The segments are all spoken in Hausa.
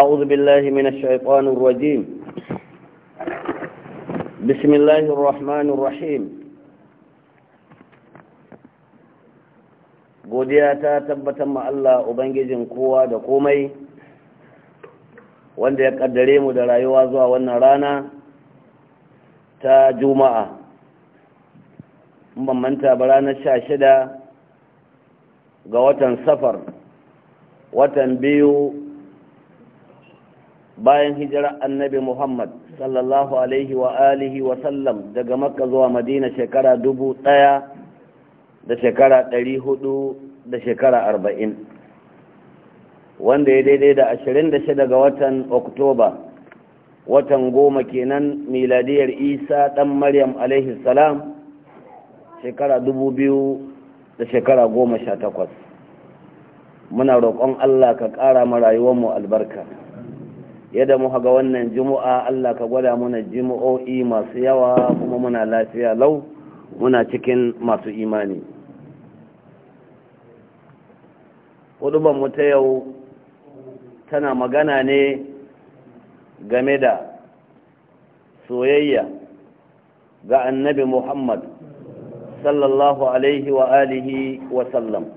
أعوذ بالله من الشيطان الرجيم بسم الله الرحمن الرحيم godiya ta tabbatar ma Allah Ubangijin kowa da komai wanda ya kaddare mu da rayuwa zuwa wannan rana ta juma'a ban manta ba ranar sha shida ga watan safar watan biyu bayan hijirar annabi muhammad sallallahu alaihi wa alihi wa sallam daga makka zuwa madina shekara dubu ɗaya da shekara ɗari hudu da shekara arba'in wanda ya daidai da ashirin da shida ga watan oktoba watan goma kenan miladiyar isa ɗan maryam alaihi salam shekara dubu biyu da shekara goma sha takwas muna roƙon allah ka ƙara ma rayuwarmu albarka yadda mu haga wannan jumu'a Allah ka gwada muna jimu'o'i masu yawa kuma muna lafiya lau muna cikin masu imani hudubanmu ta yau tana magana ne game da soyayya ga annabi Muhammad sallallahu alaihi wa alihi wa sallam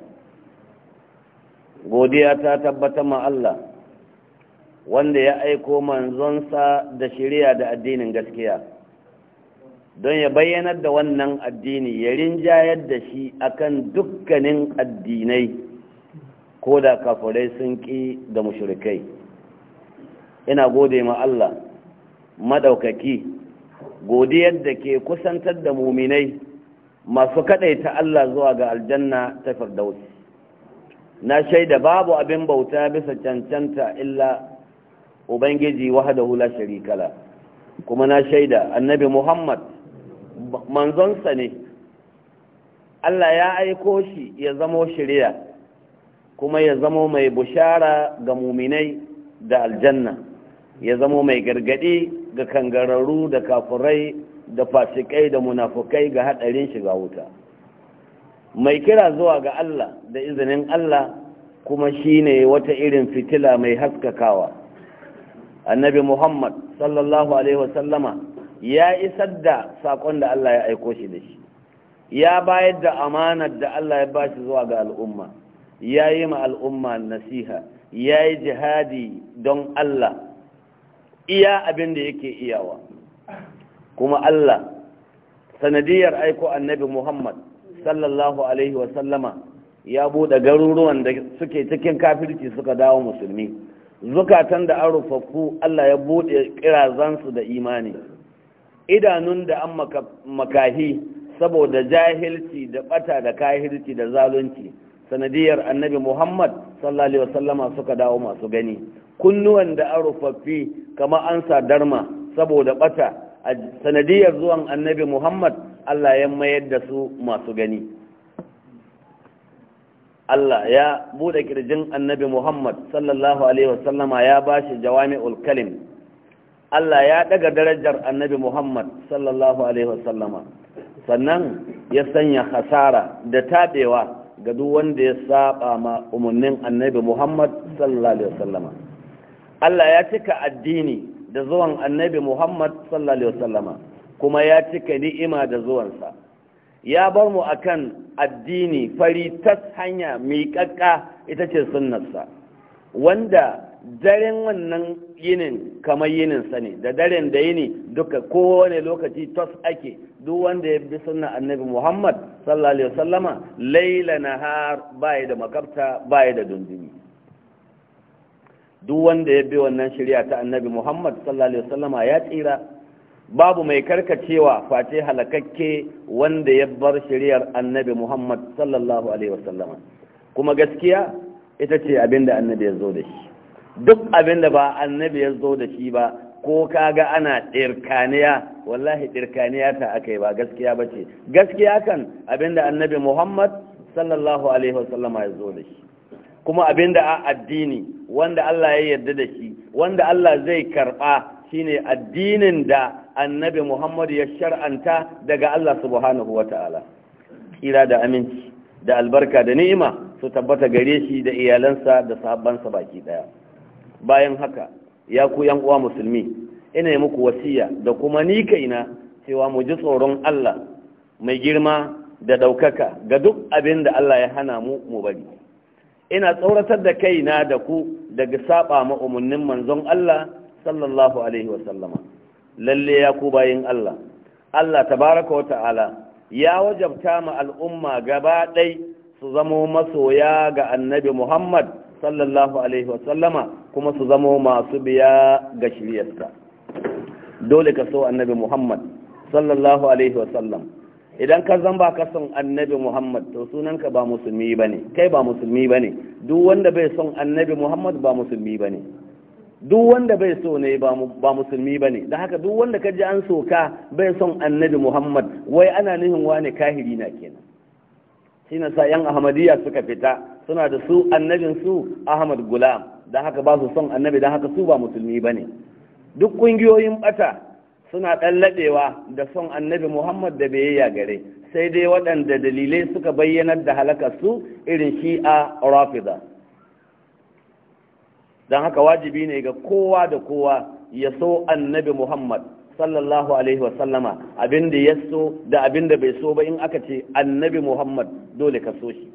godiya ta tabbatar ma Allah wanda ya aiko manzonsa da shirya da addinin gaskiya don ya bayyanar da wannan addini ya rinjayar da shi akan dukkanin addinai ko da kafirai sun ƙi da mushrikai ina gode ma Allah madaukaki godiyar da ke kusantar da muminai masu kadaita Allah zuwa ga aljanna ta firdausi na shaida babu abin bauta bisa cancanta illa ubangiji wahdahu la sharika la kuma na shaida annabi muhammad manzonsa ne Allah ya aiko shi ya zamo shirya kuma ya zamo mai bushara ga muminai da aljanna ya zamo mai gargadi ga kangararru da kafurai da fasikai da munafukai ga hadarin shiga wuta mai kira zuwa ga Allah da izinin Allah kuma shine wata irin fitila mai haskakawa annabi muhammad sallallahu alaihi wasallama ya isar da saƙon da allah ya aiko shi da shi ya bayar da amanar da allah ya bashi zuwa ga al'umma ya yi ma al'umma nasiha ya yi jihadi don allah iya abin da yake iyawa kuma allah sanadiyar aiko annabi muhammad sallallahu alaihi wasallama ya buɗe garuruwan da suke cikin kafirci suka dawo musulmi zukatan da an rufaffu Allah ya buɗe kirazansu da imani idanun da an makahi saboda jahilci da bata da kahirci da zalunci sanadiyar annabi Muhammad sallallahu alaihi wasallama suka dawo masu gani kunnuwan da an rufaffi kama an sadarma saboda bata sanadiyar zuwan annabi Muhammad Allah ya mayar da su masu gani Allah ya bude kirjin annabi Muhammad sallallahu Alaihi wasallama ya ba shi jawami'ul kalim Allah ya daga darajar annabi Muhammad sallallahu Alaihi wasallama sannan ya sanya hasara da taɓewa ga duk wanda ya saba ma umarnin annabi Muhammad sallallahu Alaihi wasallama Allah ya cika addini da zuwan annabi Muhammad sallallahu Alaihi wasallama kuma ya cika ni'ima da zuwansa ya bar mu a kan addini fari tas hanya mai kakka ita ce sunnarsa wanda daren wannan yinin kamar yininsa ne da daren da yini duka kowane lokaci tos ake duk wanda ya bi sunna annabi muhammad sallallahu alaihi wasallama laila har baya da makabta baya da dundumi duk wanda ya bi wannan shirya ta annabi muhammad sallallahu alaihi wasallama ya tsira babu mai karkacewa face halakakke wanda ya bar shari'ar annabi Muhammad sallallahu alaihi wasallam kuma gaskiya ita ce abinda annabi ya zo da shi duk abinda ba annabi ya zo da shi ba ko kaga ana tsirkaniya wallahi tsirkaniya ta akai ba gaskiya bace gaskiya kan abinda annabi Muhammad sallallahu alaihi wasallam ya zo da shi kuma abinda a addini wanda Allah ya yarda da shi wanda Allah zai karba ne addinin da annabi Muhammad ya shar'anta daga Allah subhanahu wata'ala kira da aminci da albarka da ni'ima su tabbata gare shi da iyalansa da sahabbansa baki ɗaya. bayan haka ya ku yan uwa musulmi ina yi muku wasiya da kuma ni kaina cewa mu ji tsoron Allah mai girma da ɗaukaka ga duk abin da Allah ya hana mu mu bari ina tsoratar da kaina da ku daga saba ma umarnin manzon Allah sallallahu alaihi wasallama lalle ya ku bayin Allah Allah tabaraka wa ta'ala ya wajabta ma al'umma gaba su zamo masoya ga annabi Muhammad sallallahu alaihi wasallama kuma su zamo masu biya ga shiryarsa dole ka so annabi Muhammad sallallahu alaihi wasallam idan ka zan ba ka son annabi muhammad to sunanka ba musulmi ba ne kai ba musulmi ba ne duk wanda bai son annabi muhammad ba musulmi ba ne duk wanda bai so ne ba musulmi ba ne da haka duk wanda ka ji an soka bai son annabi muhammad wai ana nihin wane kahiri na kenan shi na sa yan ahmadiyya suka fita suna da su annabin su ahmad gulam da haka ba su son annabi da haka su ba musulmi ba ne duk ƙungiyoyin bata suna ɗallaɗewa da son annabi muhammad da biyayya gare sai dai waɗanda dalilai suka bayyanar da su irin shi a rafida don haka wajibi ne ga kowa da kowa ya so annabi muhammad sallallahu alaihi wasallama abin da ya so da abin da bai so ba in aka ce annabi muhammad dole ka so shi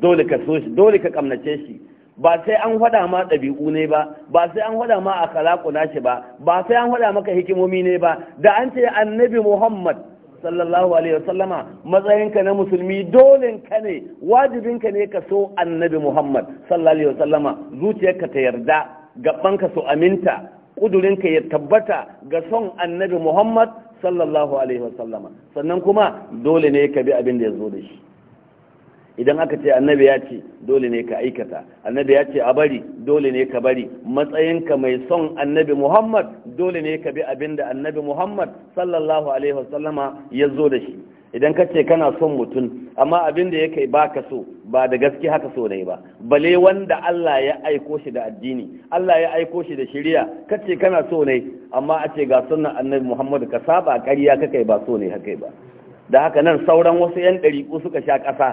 dole ka so shi dole ka kamnace shi ba sai an faɗa ma ɗabi'u ne ba ba sai an faɗa ma a kalaku nashi ba ba sai an faɗa maka hikimomi ne ba da an ce annabi muhammad sallallahu alaihi wasallama matsayinka na musulmi ka ne wajibinka ne ka so annabi muhammad sallallahu alaihi wasallama zuciyarka ta yarda gabanka su aminta kudurinka ya tabbata ga son annabi muhammad sallallahu alaihi wasallama sannan kuma dole ne ka bi abin da ya zo da shi idan aka ce annabi ya ce dole ne ka aikata annabi ya ce a bari dole ne ka bari matsayinka mai son annabi muhammad dole ne ka bi abin da annabi muhammad sallallahu alaihi wasallama ya zo da shi idan ka ce kana son mutum amma abin da kai ba ka so ba da gaske haka so ne ba bale wanda Allah ya aiko shi da addini Allah ya aiko shi da shari'a ka ce kana so ne amma a ce ga sunan annabi muhammad ka saba ƙarya kai ba so ne haka ba da haka nan sauran wasu 'yan ɗariƙu suka sha ƙasa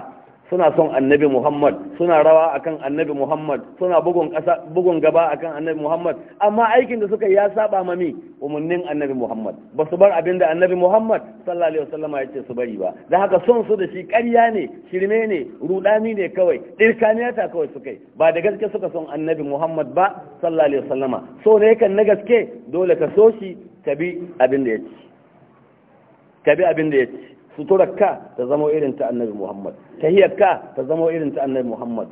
suna son annabi muhammad suna rawa akan annabi muhammad suna bugun ƙasa bugun gaba akan annabi muhammad amma aikin da suka ya saba mami umarnin annabi muhammad ba su bar abinda annabi muhammad sallallahu alaihi wasallama ya ce su bari ba da haka son su da shi ƙarya ne shirme ne rudani ne kawai ɗirkaniyata kawai su kai ba da gaske suka son annabi muhammad ba sallallahu alaihi wasallama so ne kan na gaske dole ka so shi ka bi abin da ya ci ka bi ya ci suturarka ta zama irin ta annabi muhammad tahiyarka ta zama irin ta annabi muhammad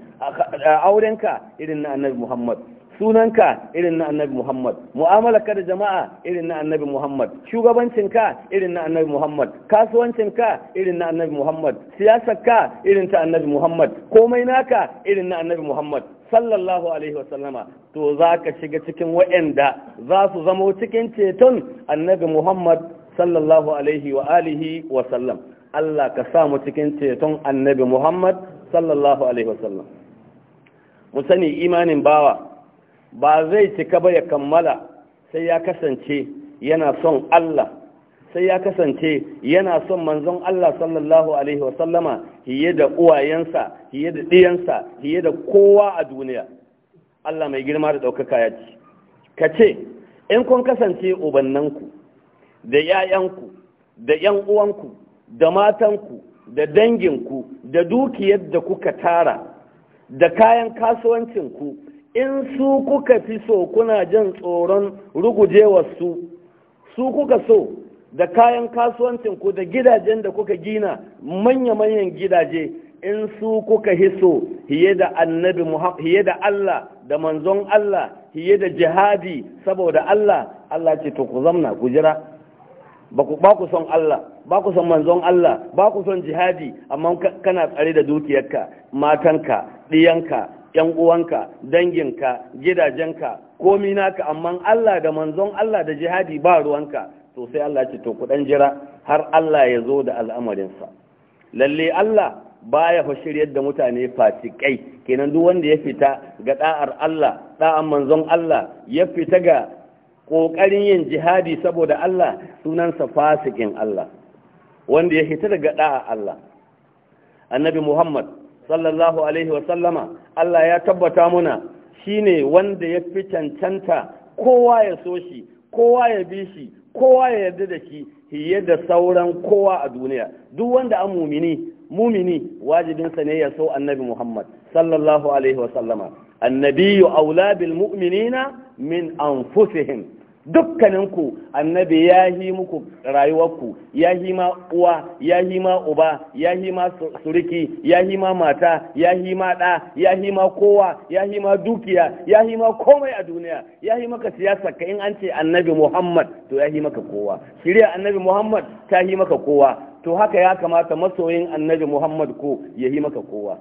aurenka irin na annabi muhammad sunanka irin na annabi Muhammad mu'amalarka da jama'a irin na annabi Muhammad shugabancinka irin na annabi Muhammad kasuwancinka irin na annabi Muhammad siyasarka irin ta annabi Muhammad komai naka irin na annabi Muhammad sallallahu alaihi wasallama to za ka shiga cikin wa'anda za su zama cikin ceton annabi Muhammad sallallahu alaihi wa alihi wa sallam Allah ka sa mu cikin ceton annabi Muhammad sallallahu alaihi wa sallam mu sani imanin bawa ba zai cika ba ya kammala sai ya kasance yana son Allah sai ya kasance yana son manzon Allah sallallahu alaihi wa sallama hiye da uwayensa hiye da ɗiyansa hiye da kowa a duniya Allah mai girma da ɗaukaka ya ce ka ce in kun kasance ubannanku da 'ya'yanku da 'yan uwanku da matanku da danginku da dukiyar da kuka tara da kayan kasuwancinku in su kuka fi so kuna jin tsoron rugujewarsu su kuka so da kayan kasuwancinku da gidajen da kuka gina manya-manyan gidaje in su kuka hiso hiye da annabi hiye da Allah da manzon Allah hiye da jihadi saboda Allah Allah ce to ku zamna ku jira ba ku son Allah ba ku son manzon Allah ba ku son jihadi amma kana tsare da dukiyarka matanka ɗiyanka yan uwanka danginka gidajenka komi naka amma Allah da manzon Allah da jihadi ba ruwanka to sai Allah ce to dan jira har Allah ya zo da al'amarinsa lalle Allah baya fa shiryar da mutane fasikai kenan duk wanda ya fita ga da'ar Allah da'an manzon Allah ya fita ga ƙoƙarin yin jihadi saboda Allah sunansa fasikin Allah wanda ya hita daga ɗa Allah annabi Muhammad sallallahu alaihi wa sallama Allah ya tabbata muna ne wanda ya fi cancanta kowa ya so shi kowa ya bi shi kowa ya yarda da shi fiye da sauran kowa a duniya duk wanda an mumini mumini wajibinsa ne ya so annabi Muhammad sallallahu alaihi wa sallama annabiyu aula bil mu'minina min anfusihim dukkaninku annabi ya yi muku rayuwarku ya yi ma uwa ya yi ma uba ya yi ma suriki ya yi ma mata ya yi ma ɗa ya yi ma kowa ya yi ma dukiya ya yi ma komai a duniya ya yi maka siyasa ka in an ce annabi muhammad to ya yi maka kowa shirya annabi muhammad ta yi maka kowa to haka ya kamata masoyin annabi muhammad ko ya yi maka kowa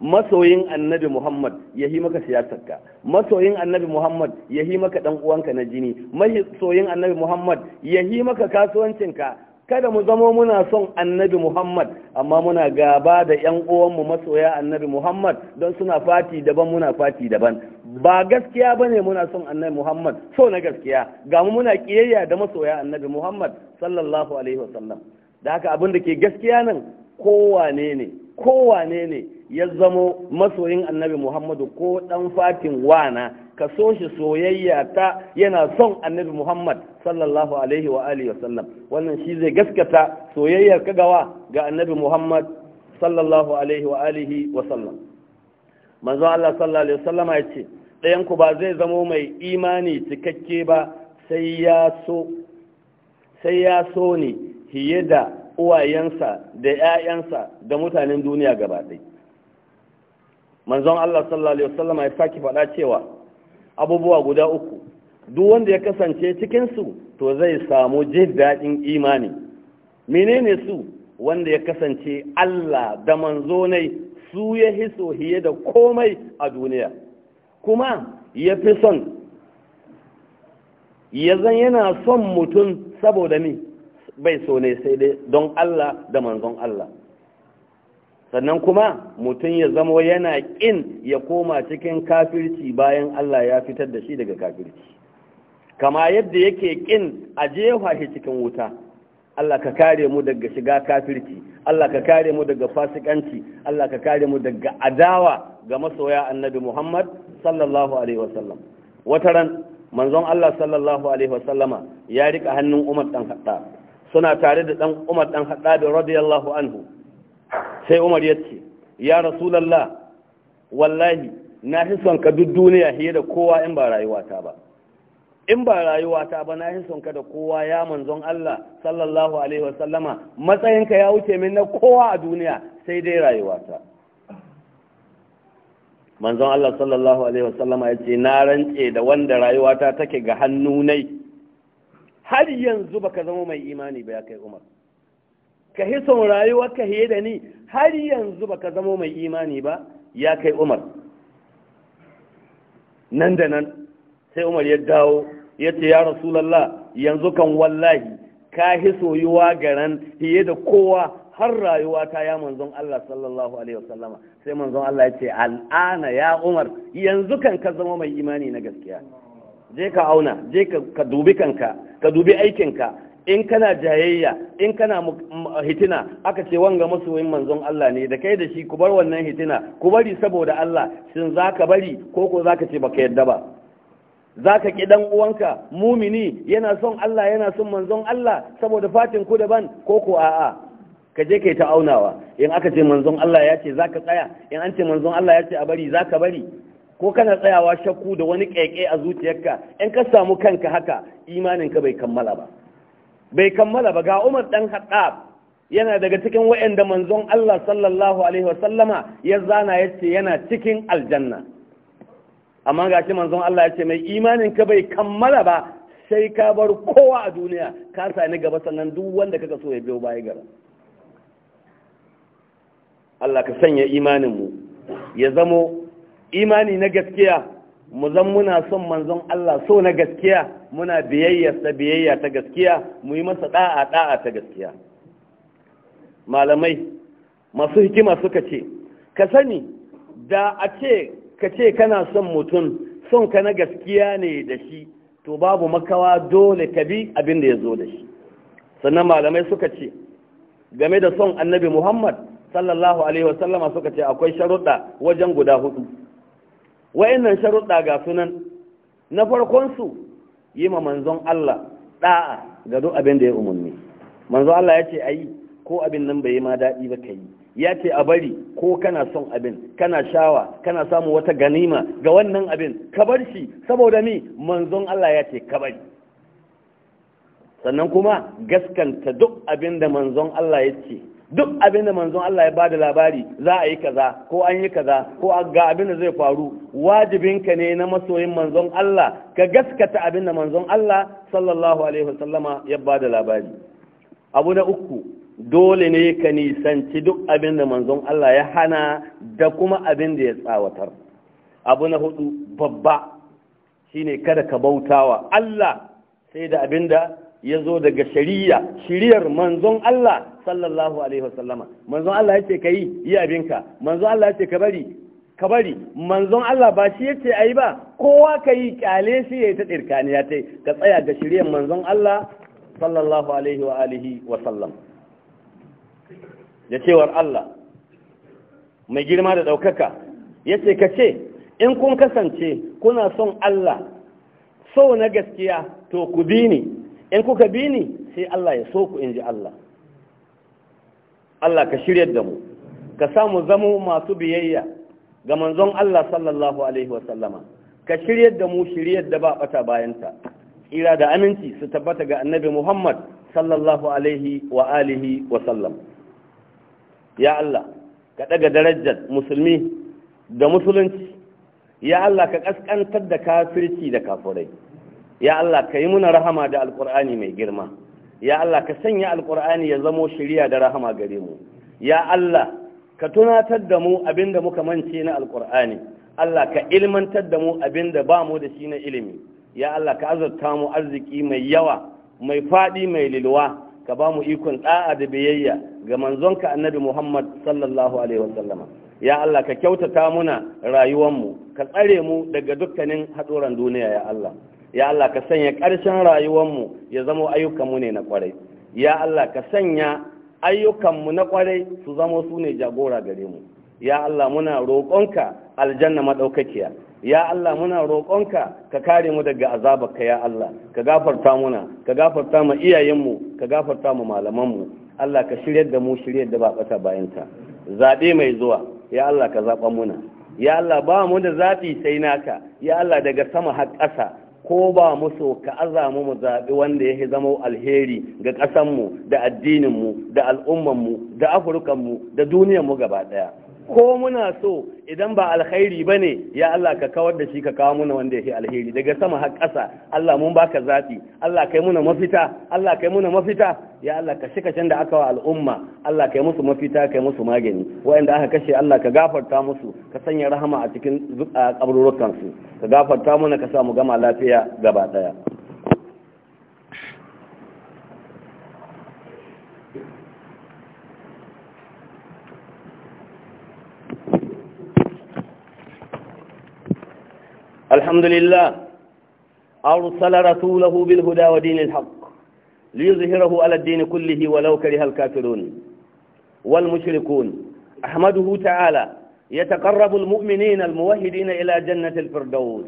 masoyin annabi muhammad ya yi maka siyasarka masoyin annabi muhammad ya yi maka dan uwanka na jini masoyin annabi muhammad ya yi maka kasuwancinka kada mu zamo muna son annabi muhammad amma muna gaba da yan uwanmu masoya annabi muhammad don suna fati daban muna fati daban ba gaskiya ba ne muna son annabi muhammad so na gaskiya ga mu muna kiyayya da masoya annabi muhammad sallallahu alaihi wasallam da haka abin da ke gaskiya nan kowane ne kowane ne ya zamo masoyin annabi muhammadu ko dan fatin wana ka so shi soyayya ta yana son annabi muhammad sallallahu alaihi wa alihi wasallam wannan shi zai gaskata soyayyar gawa ga annabi muhammad sallallahu alaihi wa alihi wasallam manzo Allah sallallahu alaihi wasallam ya ce ɗayan ku ba zai zamo mai imani cikakke ba sai ya so sai ya so ne fiye da uwayensa da 'ya'yansa da mutanen duniya gaba ɗaya manzon Allah sallallahu alaihi wasallam ya saki faɗa cewa abubuwa guda uku duk wanda ya kasance cikin su to zai samu jin daɗin imani menene su wanda ya kasance Allah da manzo ne su ya hiso hiye da komai a duniya kuma ya fi son ya zan yana son mutum saboda ni bai so ne sai dai don Allah da manzon Allah sannan kuma mutum ya zamo yana ƙin ya koma cikin kafirci bayan Allah ya fitar da shi daga kafirci kama yadda yake ƙin a jefa shi cikin wuta Allah ka kare mu daga shiga kafirci Allah ka kare mu daga fasikanci Allah ka kare mu daga adawa ga masoya annabi Muhammad sallallahu alaihi wasallam wataran manzon Allah sallallahu alaihi wasallama ya rika hannun Umar dan Khattab suna tare da dan Umar dan Khattab radiyallahu anhu sai umar ya ce ya rasulallah wallahi na fi son ka duk duniya fiye da kowa in ba rayuwata ba in ba rayuwata ba na fi son ka da kowa ya manzon Allah sallallahu alaihi wasallama matsayinka ya wuce min na kowa a duniya sai dai rayuwata manzon Allah sallallahu alaihi wasallama ya ce na rantse da wanda rayuwata take ga hannu nai har yanzu baka zama mai imani ba ya kai Umar ka hi son rayuwar ka hiye da ni har yanzu baka zamo mai imani ba ya kai umar nan da nan sai umar ya dawo ya ce ya rasulallah yanzu kan wallahi ka hi soyuwa garan hiye da kowa har rayuwa ta ya manzon Allah sallallahu alaihi wasallama sai manzon Allah ya ce al'ana ya umar yanzu kan ka zama mai imani na gaskiya je ka auna je ka dubi kanka ka dubi aikinka in kana jayayya in kana hitina aka ce wanga masoyin manzon Allah ne da kai da shi ku bar wannan hitina ku bari saboda Allah shin zaka bari ko ko zaka ce baka yadda ba zaka ki dan uwanka mumini yana son Allah yana son manzon Allah saboda fatin ku daban ko ko a'a ka je kai ta aunawa in aka ce manzon Allah ya ce zaka tsaya in an ce manzon Allah ya ce a bari zaka bari ko kana tsayawa shakku da wani keke a zuciyarka in ka samu kanka haka imaninka bai kammala ba bai kammala ba ga Umar dan Khattab yana daga cikin waɗanda manzon Allah sallallahu alaihi wasallama ya zana yace yana cikin aljanna amma ga shi manzon Allah yace mai imanin ka bai kammala ba sai ka bar kowa a duniya ka sani gaba sannan duk wanda kaka so ya biyo baya gaba Allah ka sanya imaninmu ya zamo imani na gaskiya mu zan muna son manzon Allah so na gaskiya muna biyayyarsa biyayya ta gaskiya mu yi masa da'a da'a ta gaskiya malamai masu hikima suka ce ka sani da a ce ka ce kana son mutum son ka na gaskiya ne da shi to babu makawa dole ka bi abin da ya zo da shi sannan malamai suka ce game da son annabi muhammad sallallahu alaihi wasallama suka ce akwai sharuɗa wajen guda hudu wa'annan sharuɗa ga sunan na farkon su yi ma manzon Allah ɗa'a ga duk abin da ya umarni manzon Allah ya ce a yi ko abin nan bai yi ma daɗi ba ka yi ya ce a bari ko kana son abin kana shawa kana samu wata ganima ga wannan abin ka bar shi saboda ni manzon Allah ya ce ka bari sannan kuma gaskanta duk abin da manzon Allah ya ce duk abinda da manzon Allah ya ba da labari za a yi kaza ko an yi kaza ko ga abin da zai faru wajibinka ne na masoyin manzon Allah ka gaskata abinda da manzon Allah sallallahu alaihi wasallama ya ba da labari abu na uku dole ne ka nisanci duk abinda manzon Allah ya hana da kuma abinda ya tsawatar abu na hudu babba shine kada ka bautawa Allah sai da abinda. ya zo daga shari'a shiriyar manzon Allah sallallahu alaihi wasallama manzon Allah ya ce ka yi abinka manzon Allah ce ka bari ka bari manzon Allah ba shi ya ce a yi ba kowa ka yi kyale shi ya yi ta ta yi ka tsaya ga shiriyar manzon Allah sallallahu alaihi wa alihi sallam da cewar Allah mai girma da ɗaukaka ya ce ka ce in kun kasance kuna son Allah so na gaskiya to ku bi ni in kuka bi ni sai Allah ya so ku in ji Allah Allah ka shiryar da mu ka samu zamo masu biyayya ga manzon Allah sallallahu alaihi sallama ka shiryar da mu shiryar da ba bata bayanta tsira da aminci su tabbata ga annabi Muhammad sallallahu alaihi wa alihi wa sallam ya Allah ka daga darajar musulmi da musulunci ya Allah ka kaskantar da kafirci da kafurai ya Allah ka yi muna rahama da alkur'ani mai girma ya Allah ka sanya alkur'ani ya zamo shirya da rahama gare mu ya Allah ka tunatar da mu abinda muka mance na alkur'ani Allah ka ilmantar da mu abinda ba mu da shi na ilimi ya Allah ka azurta mu arziki mai yawa mai faɗi mai lilwa ka ba mu ikon ɗa'a da biyayya ga manzonka annabi Muhammad sallallahu alaihi ya Allah ka kyautata muna mu, ka tsare mu daga dukkanin haɗoran duniya ya Allah ya Allah ka sanya ƙarshen rayuwarmu ya zama ayyukanmu ne na kwarai ya Allah ka sanya ayyukanmu na kwarai su zama su ne jagora gare mu ya Allah muna roƙonka aljanna madaukakiya ya Allah muna roƙonka ka kare mu daga azabarka ya Allah ka gafarta muna ka gafarta mu iyayenmu ka gafarta mu malamanmu Allah ka shiryar da mu shiryar da ba ƙasa bayanta zaɓe mai zuwa ya Allah ka zaɓa muna ya Allah ba mu da zaɓi sai naka ya Allah daga sama har ƙasa ko ba mu so ka azamu mu zaɓi wanda ya zama alheri ga ƙasanmu da addininmu da al'ummanmu da afirkanmu da mu gaba ɗaya ko muna so idan ba alkhairi ba ne ya Allah ka kawar da shi ka kawo muna wanda ya yake alheri daga sama har ƙasa Allah mun baka zafi Allah kai muna mafita Allah kai muna mafita ya Allah ka shika can da aka wa al'umma Allah kai musu mafita kai musu magani wa'anda aka kashe Allah ka gafarta musu ka sanya rahama a cikin a ka gafarta muna ka sa mu gama lafiya gaba ɗaya. الحمد لله أرسل رسوله بالهدى ودين الحق ليظهره على الدين كله ولو كره الكافرون والمشركون أحمده تعالى يتقرب المؤمنين الموحدين إلى جنة الفردوس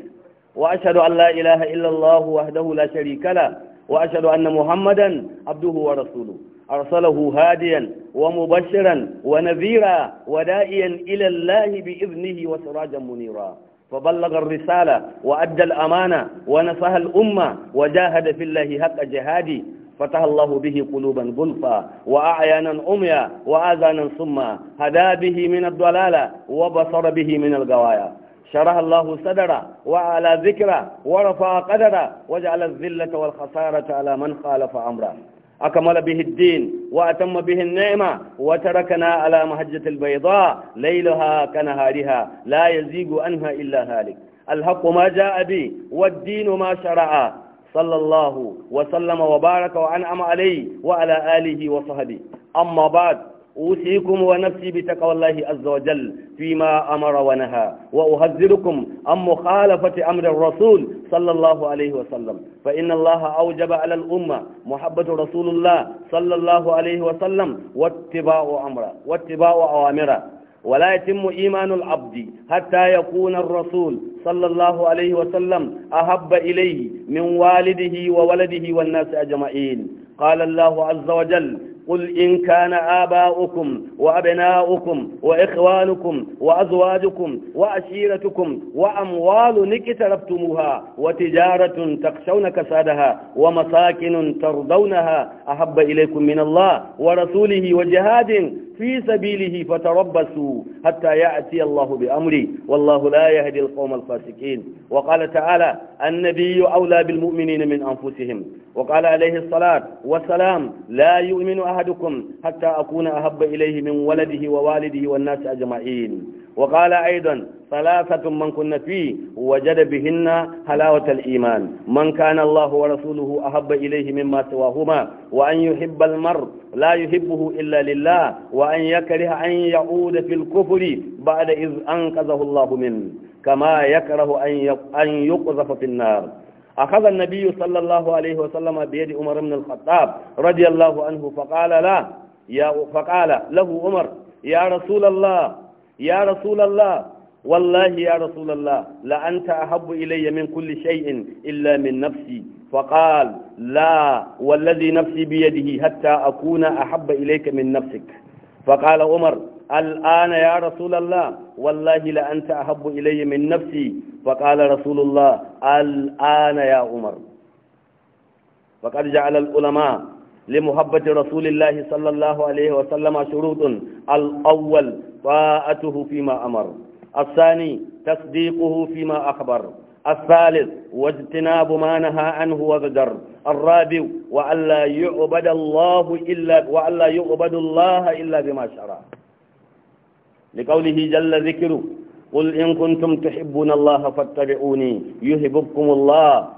وأشهد أن لا إله إلا الله وحده لا شريك له وأشهد أن محمدا عبده ورسوله أرسله هاديا ومبشرا ونذيرا ودائيا إلى الله بإذنه وسراجا منيرا فبلغ الرسالة وأدى الأمانة ونصح الأمة وجاهد في الله حق جهادي فتح الله به قلوبا غلفا وأعيانا عميا وآذانا صما هدا به من الضلالة وبصر به من الغوايا شرح الله صدرا وعلى ذكرا ورفع قدرا وجعل الذلة والخسارة على من خالف أمره أكمل به الدين وأتم به النعمة وتركنا على مهجة البيضاء ليلها كنهارها لا يزيغ عنها إلا هالك الحق ما جاء به والدين ما شرع صلى الله وسلم وبارك وأنعم عليه وعلى آله وصحبه أما بعد أوصيكم ونفسي بتقوى الله عز وجل فيما أمر ونهى وأهذركم عن مخالفة أمر الرسول صلى الله عليه وسلم فإن الله أوجب على الأمة محبة رسول الله صلى الله عليه وسلم واتباع أمره واتباع أوامره ولا يتم إيمان العبد حتى يكون الرسول صلى الله عليه وسلم أحب إليه من والده وولده والناس أجمعين قال الله عز وجل قل إن كان آباؤكم وأبناؤكم وإخوانكم وأزواجكم وأشيرتكم وأموال اقتربتموها وتجارة تخشون كسادها ومساكن ترضونها أحب إليكم من الله ورسوله وجهاد في سبيله فتربصوا حتى يأتي الله بأمره والله لا يهدي القوم الفاسقين وقال تعالى النبي أولى بالمؤمنين من أنفسهم وقال عليه الصلاة والسلام لا يؤمن أحدكم حتى أكون أحب إليه من ولده ووالده والناس أجمعين وقال أيضا ثلاثة من كن فيه وجد بهن حلاوة الإيمان من كان الله ورسوله أحب إليه مما سواهما وأن يحب المرء لا يحبه إلا لله وأن يكره أن يعود في الكفر بعد إذ أنقذه الله منه كما يكره أن يقذف في النار أخذ النبي صلى الله عليه وسلم بيد عمر بن الخطاب رضي الله عنه فقال لا يا فقال له عمر يا رسول الله يا رسول الله والله يا رسول الله لأنت أحب إلي من كل شيء إلا من نفسي فقال لا والذي نفسي بيده حتى أكون أحب إليك من نفسك فقال عمر الآن يا رسول الله والله لأنت أحب إلي من نفسي فقال رسول الله الآن يا عمر فقد جعل العلماء لمحبة رسول الله صلى الله عليه وسلم شروط الأول طاعته فيما أمر الثاني تصديقه فيما أخبر الثالث واجتناب ما نهى عنه وبدر الرابع وألا يعبد الله إلا وألا يعبد الله إلا بما شرع لقوله جل ذكره قل إن كنتم تحبون الله فاتبعوني يحببكم الله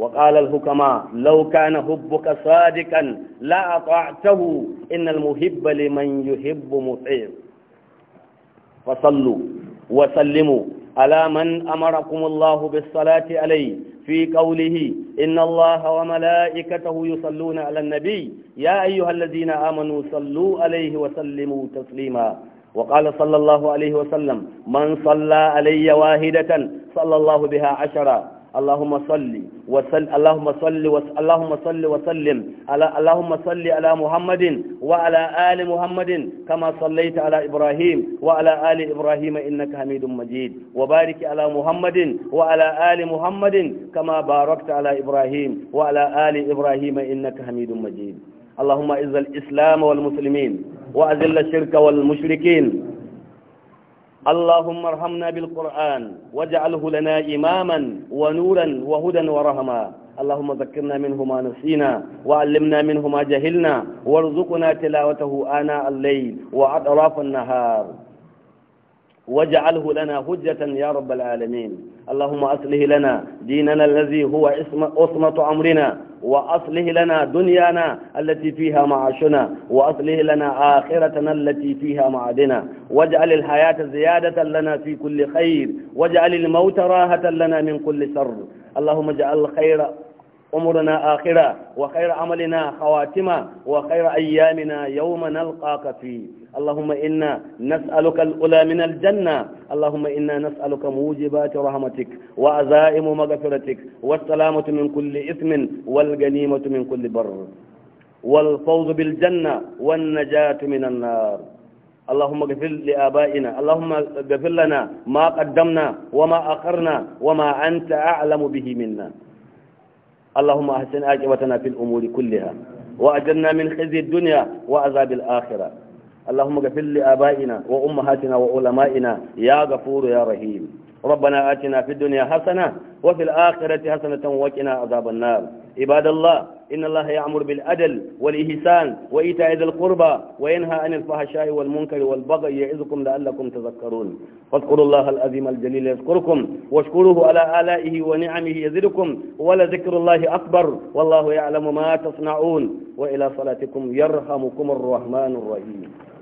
وقال الحكماء لو كان حبك صادقا لا أطعته إن المحب لمن يحب مطيع فصلوا وسلموا على من أمركم الله بالصلاة عليه في قوله إن الله وملائكته يصلون على النبي يا أيها الذين آمنوا صلوا عليه وسلموا تسليما وقال صلى الله عليه وسلم من صلى علي واحدة صلى الله بها عشرا اللهم صل وسل اللهم صل وس... اللهم صل وسلم على اللهم صل على محمد وعلى آل محمد كما صليت على إبراهيم وعلى آل إبراهيم إنك حميد مجيد وبارك على محمد وعلى آل محمد كما باركت على إبراهيم وعلى آل إبراهيم إنك حميد مجيد اللهم اعز الإسلام والمسلمين وأذل الشرك والمشركين اللهم ارحمنا بالقرآن واجعله لنا إماما ونورا وهدى ورهما اللهم ذكرنا منه ما نسينا وعلمنا منه ما جهلنا وارزقنا تلاوته آناء الليل وأطراف النهار واجعله لنا هجة يا رب العالمين اللهم أصله لنا ديننا الذي هو عصمة أمرنا وأصله لنا دنيانا التي فيها معاشنا وأصله لنا آخرتنا التي فيها معادنا واجعل الحياة زيادة لنا في كل خير واجعل الموت راهة لنا من كل شر اللهم اجعل خير أمرنا آخرة وخير عملنا خواتمة وخير أيامنا يوم نلقاك فيه اللهم إنا نسألك الأولى من الجنة اللهم إنا نسألك موجبات رحمتك وعزائم مغفرتك والسلامة من كل إثم والجنيمة من كل بر والفوز بالجنة والنجاة من النار اللهم اغفر لآبائنا اللهم اغفر لنا ما قدمنا وما أخرنا وما أنت أعلم به منا اللهم أحسن عاقبتنا في الأمور كلها وأجرنا من خزي الدنيا وعذاب الآخرة اللهم اغفر لآبائنا وأمهاتنا وعلمائنا يا غفور يا رحيم ربنا آتنا في الدنيا حسنة وفي الآخرة حسنة وقنا عذاب النار عباد الله إن الله يأمر بالعدل والإحسان وإيتاء ذي القربى وينهى عن الفحشاء والمنكر والبغي يعظكم لعلكم تذكرون فاذكروا الله العظيم الجليل يذكركم واشكروه على آلائه ونعمه يزدكم ولذكر الله أكبر والله يعلم ما تصنعون وإلى صلاتكم يرحمكم الرحمن الرحيم